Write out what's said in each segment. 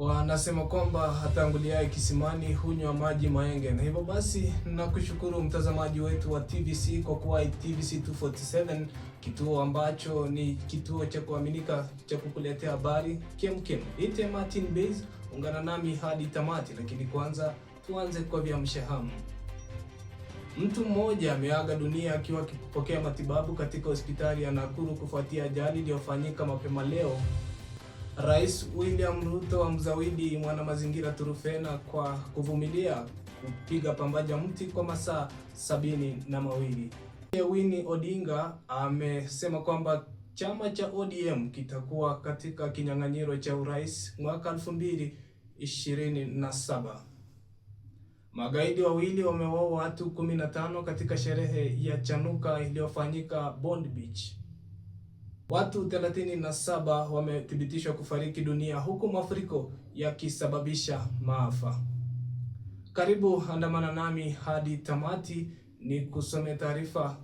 wanasema kwamba hatanguliaye kisimani hunywa maji maenge. Na hivyo basi, nakushukuru mtazamaji wetu wa TVC kwa kuwa TVC 247 kituo ambacho ni kituo cha kuaminika cha kukuletea habari kemkem. Ite Martin Base, ungana nami hadi tamati, lakini kwanza tuanze kwa vyamshahamu. Mtu mmoja ameaga dunia akiwa akipokea matibabu katika hospitali ya Nakuru kufuatia ajali iliyofanyika mapema leo Rais William Ruto amzawidi mwanamazingira Turufena kwa kuvumilia kupiga pambaja mti kwa masaa sabini na mawili. Winnie Odinga amesema kwamba chama cha ODM kitakuwa katika kinyang'anyiro cha urais mwaka 2027. Magaidi wawili wamewaua watu 15 katika sherehe ya Chanuka iliyofanyika Bond Beach. Watu 37 wamethibitishwa kufariki dunia huku mafuriko yakisababisha maafa. Karibu andamana nami hadi tamati ni kusome taarifa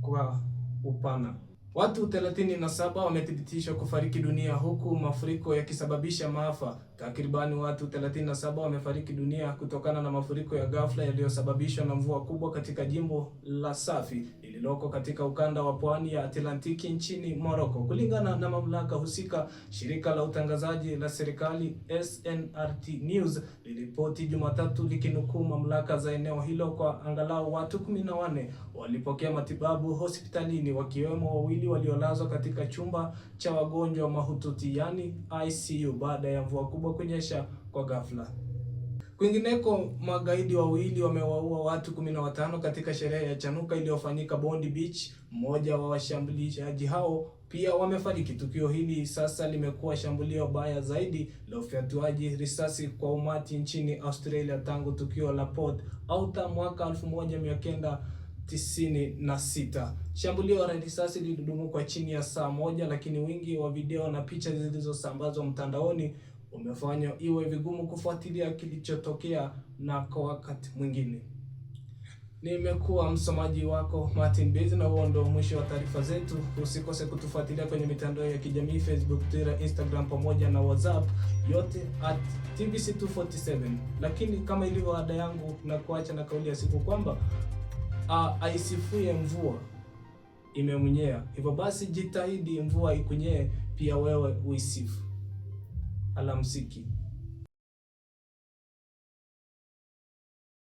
kwa upana. Watu 37 wamethibitishwa kufariki dunia huku mafuriko yakisababisha maafa. Takribani watu 37 wamefariki dunia kutokana na mafuriko ya ghafla yaliyosababishwa na mvua kubwa katika jimbo la Safi lililoko katika ukanda wa pwani ya Atlantiki nchini Morocco. Kulingana na mamlaka husika, shirika la utangazaji la serikali SNRT News liliripoti Jumatatu likinukuu mamlaka za eneo hilo kwa angalau watu 14 walipokea matibabu hospitalini wakiwemo wawili wawili waliolazwa katika chumba cha wagonjwa mahututi yani ICU baada ya mvua kubwa kunyesha kwa ghafla. Kwingineko, magaidi wawili wamewaua watu 15 katika sherehe ya Chanuka iliyofanyika Bondi Beach. Mmoja wa washambuliaji hao pia wamefariki. Tukio hili sasa limekuwa shambulio baya zaidi la ufyatuaji risasi kwa umati nchini Australia tangu tukio la Port Arthur mwaka 1900 tisini na sita. Shambulio la risasi lilidumu kwa chini ya saa moja, lakini wingi wa video na picha zilizosambazwa mtandaoni umefanywa iwe vigumu kufuatilia kilichotokea na kwa wakati mwingine. Nimekuwa msomaji wako Martin Bezi, na huo ndio mwisho wa taarifa zetu. Usikose kutufuatilia kwenye mitandao ya kijamii Facebook, Twitter, Instagram pamoja na WhatsApp, yote at TBC247. Lakini kama ilivyo ada yangu, na kuacha na kauli ya siku kwamba uh, ah, aisifie ah, mvua imemnyea. Hivyo basi jitahidi mvua ikunyee pia wewe uisifu. Alamsiki.